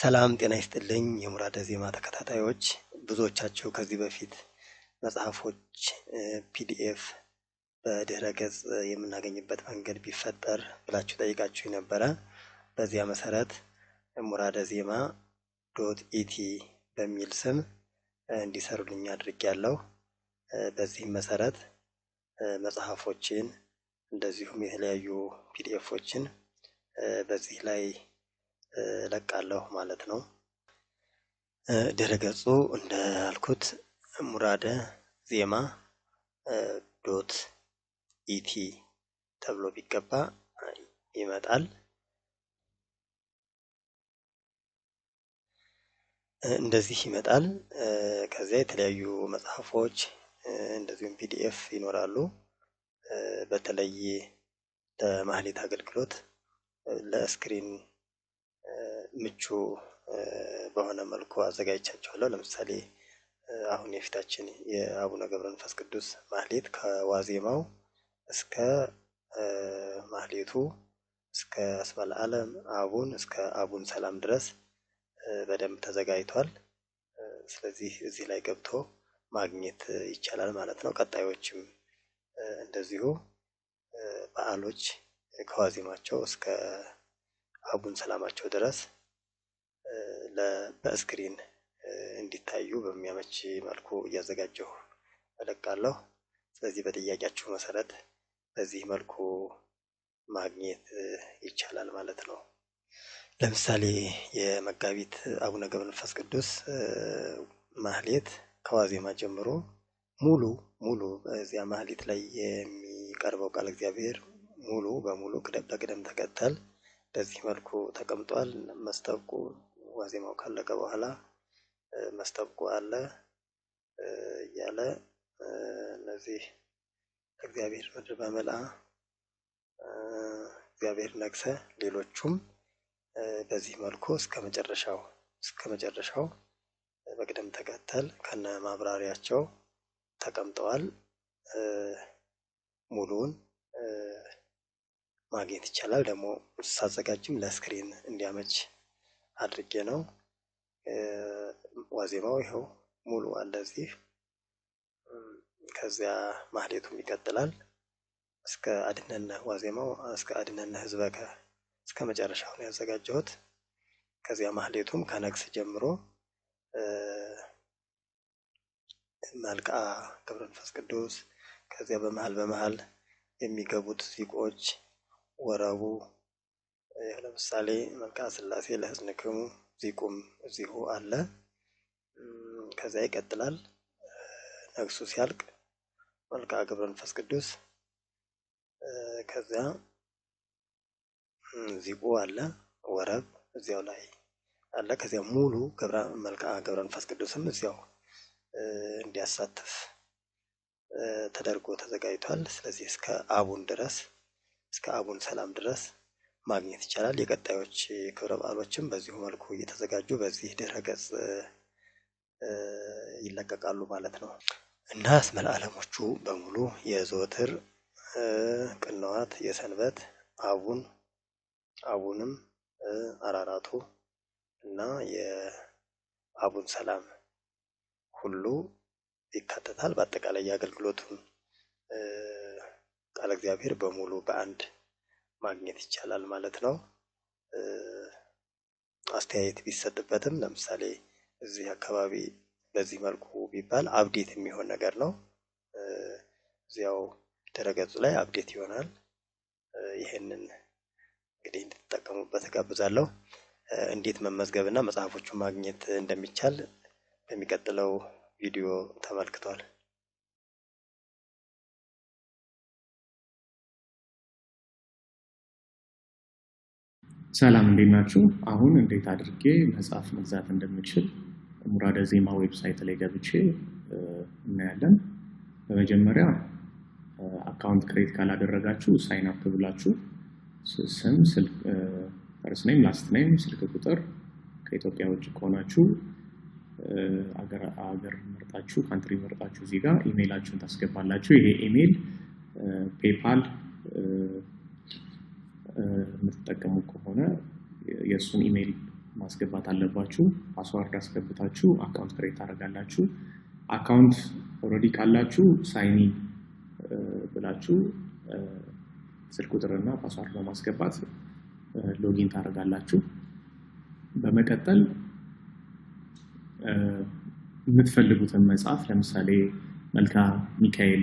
ሰላም ጤና ይስጥልኝ። የሙራደ ዜማ ተከታታዮች ብዙዎቻቸው ከዚህ በፊት መጽሐፎች ፒዲኤፍ በድህረ ገጽ የምናገኝበት መንገድ ቢፈጠር ብላችሁ ጠይቃችሁ ነበረ። በዚያ መሰረት ሙራደ ዜማ ዶት ኢቲ በሚል ስም እንዲሰሩልኝ ያለው በዚህም መሰረት መጽሐፎችን እንደዚሁም የተለያዩ ፒዲኤፎችን በዚህ ላይ እለቃለሁ ማለት ነው። ድረገጹ እንዳልኩት ሙራደ ዜማ ዶት ኢቲ ተብሎ ቢገባ ይመጣል። እንደዚህ ይመጣል። ከዚያ የተለያዩ መጽሐፎች እንደዚሁም ፒዲኤፍ ይኖራሉ። በተለይ ለማህሌት አገልግሎት ለስክሪን ምቹ በሆነ መልኩ አዘጋጅቻቸዋለሁ። ለምሳሌ አሁን የፊታችን የአቡነ ገብረ መንፈስ ቅዱስ ማህሌት ከዋዜማው እስከ ማህሌቱ እስከ አስባል ዓለም አቡን እስከ አቡን ሰላም ድረስ በደንብ ተዘጋጅቷል። ስለዚህ እዚህ ላይ ገብቶ ማግኘት ይቻላል ማለት ነው። ቀጣዮችም እንደዚሁ በዓሎች ከዋዜማቸው እስከ አቡን ሰላማቸው ድረስ በስክሪን እንዲታዩ በሚያመች መልኩ እያዘጋጀሁ እለቃለሁ። ስለዚህ በጥያቄያችሁ መሰረት በዚህ መልኩ ማግኘት ይቻላል ማለት ነው። ለምሳሌ የመጋቢት አቡነ ገብረ መንፈስ ቅዱስ ማህሌት ከዋዜማ ጀምሮ ሙሉ ሙሉ በዚያ ማህሌት ላይ የሚቀርበው ቃል እግዚአብሔር ሙሉ በሙሉ ቅደም በቅደም ተከተል በዚህ መልኩ ተቀምጧል። መስተብቁ ዋዜማው ካለቀ በኋላ መስተብቁ አለ እያለ እነዚህ እግዚአብሔር ምድር በመልአ እግዚአብሔር ነግሰ ሌሎቹም በዚህ መልኩ እስከ መጨረሻው እስከ መጨረሻው በቅደም ተከተል ከነ ማብራሪያቸው ተቀምጠዋል። ሙሉውን ማግኘት ይቻላል። ደግሞ ሳዘጋጅም ለስክሪን እንዲያመች አድርጌ ነው። ዋዜማው ይኸው ሙሉ እንደዚህ፣ ከዚያ ማህሌቱም ይቀጥላል እስከ አድነነ ዋዜማው እስከ አድነነህ ህዝበከ እስከ መጨረሻው ነው ያዘጋጀሁት። ከዚያ ማህሌቱም ከነግስ ጀምሮ መልክዓ ገብረ መንፈስ ቅዱስ ከዚያ በመሃል በመሃል የሚገቡት ዚቆች ወረቡ ለምሳሌ መልክዓ ሥላሴ ለሕዝንክሙ ዚቁም እዚሁ አለ። ከዚያ ይቀጥላል ነግሱ ሲያልቅ መልካ ግብረ መንፈስ ቅዱስ ከዚያ ዚቁ አለ ወረብ እዚያው ላይ አለ። ከዚያ ሙሉ መልካ ገብረ መንፈስ ቅዱስም እዚያው እንዲያሳትፍ ተደርጎ ተዘጋጅቷል። ስለዚህ እስከ አቡን ድረስ እስከ አቡን ሰላም ድረስ ማግኘት ይቻላል። የቀጣዮች ክብረ በዓሎችም በዚሁ መልኩ እየተዘጋጁ በዚህ ድረገጽ ይለቀቃሉ ማለት ነው እና አለሞቹ በሙሉ የዘወትር ቅንዋት፣ የሰንበት አቡን አቡንም አራራቱ እና የአቡን ሰላም ሁሉ ይካተታል። በአጠቃላይ የአገልግሎቱን ቃለ እግዚአብሔር በሙሉ በአንድ ማግኘት ይቻላል ማለት ነው። አስተያየት ቢሰጥበትም ለምሳሌ እዚህ አካባቢ በዚህ መልኩ ቢባል አብዴት የሚሆን ነገር ነው። እዚያው ድረገጹ ላይ አብዴት ይሆናል። ይህንን እንግዲህ እንድትጠቀሙበት ጋብዛለሁ። እንዴት መመዝገብ እና መጽሐፎቹን ማግኘት እንደሚቻል በሚቀጥለው ቪዲዮ ተመልክቷል። ሰላም እንዴት ናችሁ? አሁን እንዴት አድርጌ መጽሐፍ መግዛት እንደምችል ሙራደ ዜማ ዌብሳይት ላይ ገብቼ እናያለን። በመጀመሪያ አካውንት ክሬት ካላደረጋችሁ ሳይን አፕ ብላችሁ ስም፣ ፈርስ ናይም፣ ላስት ናይም፣ ስልክ ቁጥር ከኢትዮጵያ ውጭ ከሆናችሁ አገር መርጣችሁ ካንትሪ መርጣችሁ እዚህ ጋር ኢሜይላችሁን ታስገባላችሁ። ይሄ ኢሜይል ፔፓል የምትጠቀሙ ከሆነ የእሱን ኢሜይል ማስገባት አለባችሁ። ፓስዋርድ አስገብታችሁ አካውንት ክሬት ታደርጋላችሁ። አካውንት ረዲ ካላችሁ ሳይኒ ብላችሁ ስልክ ቁጥርና ፓስዋርድ በማስገባት ሎጊን ታደርጋላችሁ። በመቀጠል የምትፈልጉትን መጽሐፍ ለምሳሌ መልካ ሚካኤል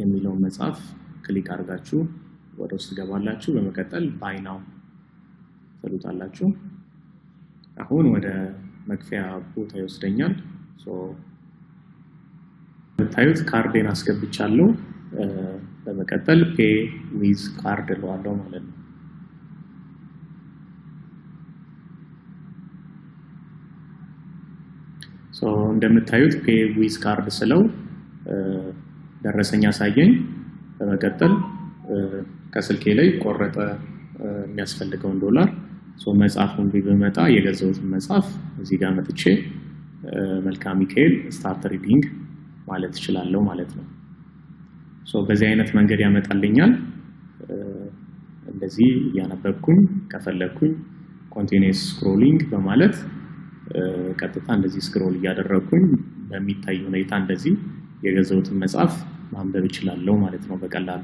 የሚለውን መጽሐፍ ክሊክ አድርጋችሁ ወደ ውስጥ ገባላችሁ። በመቀጠል ባይናው ትሉታላችሁ። አሁን ወደ መክፈያ ቦታ ይወስደኛል። የምታዩት ካርዴን አስገብቻለሁ። በመቀጠል ፔ ዊዝ ካርድ እለዋለሁ ማለት ነው። እንደምታዩት ፔ ዊዝ ካርድ ስለው ደረሰኝ አሳየኝ። በመቀጠል ከስልኬ ላይ ቆረጠ የሚያስፈልገውን ዶላር መጽሐፉን በመጣ የገዘውትን መጽሐፍ እዚህ ጋር መጥቼ መልካ ሚካኤል ስታርት ሪዲንግ ማለት እችላለሁ ማለት ነው። በዚህ አይነት መንገድ ያመጣልኛል። እንደዚህ እያነበብኩኝ ከፈለግኩኝ ኮንቲኒስ ስክሮሊንግ በማለት ቀጥታ እንደዚህ ስክሮል እያደረግኩኝ በሚታይ ሁኔታ እንደዚህ የገዘውትን መጽሐፍ ማንበብ እችላለሁ ማለት ነው በቀላሉ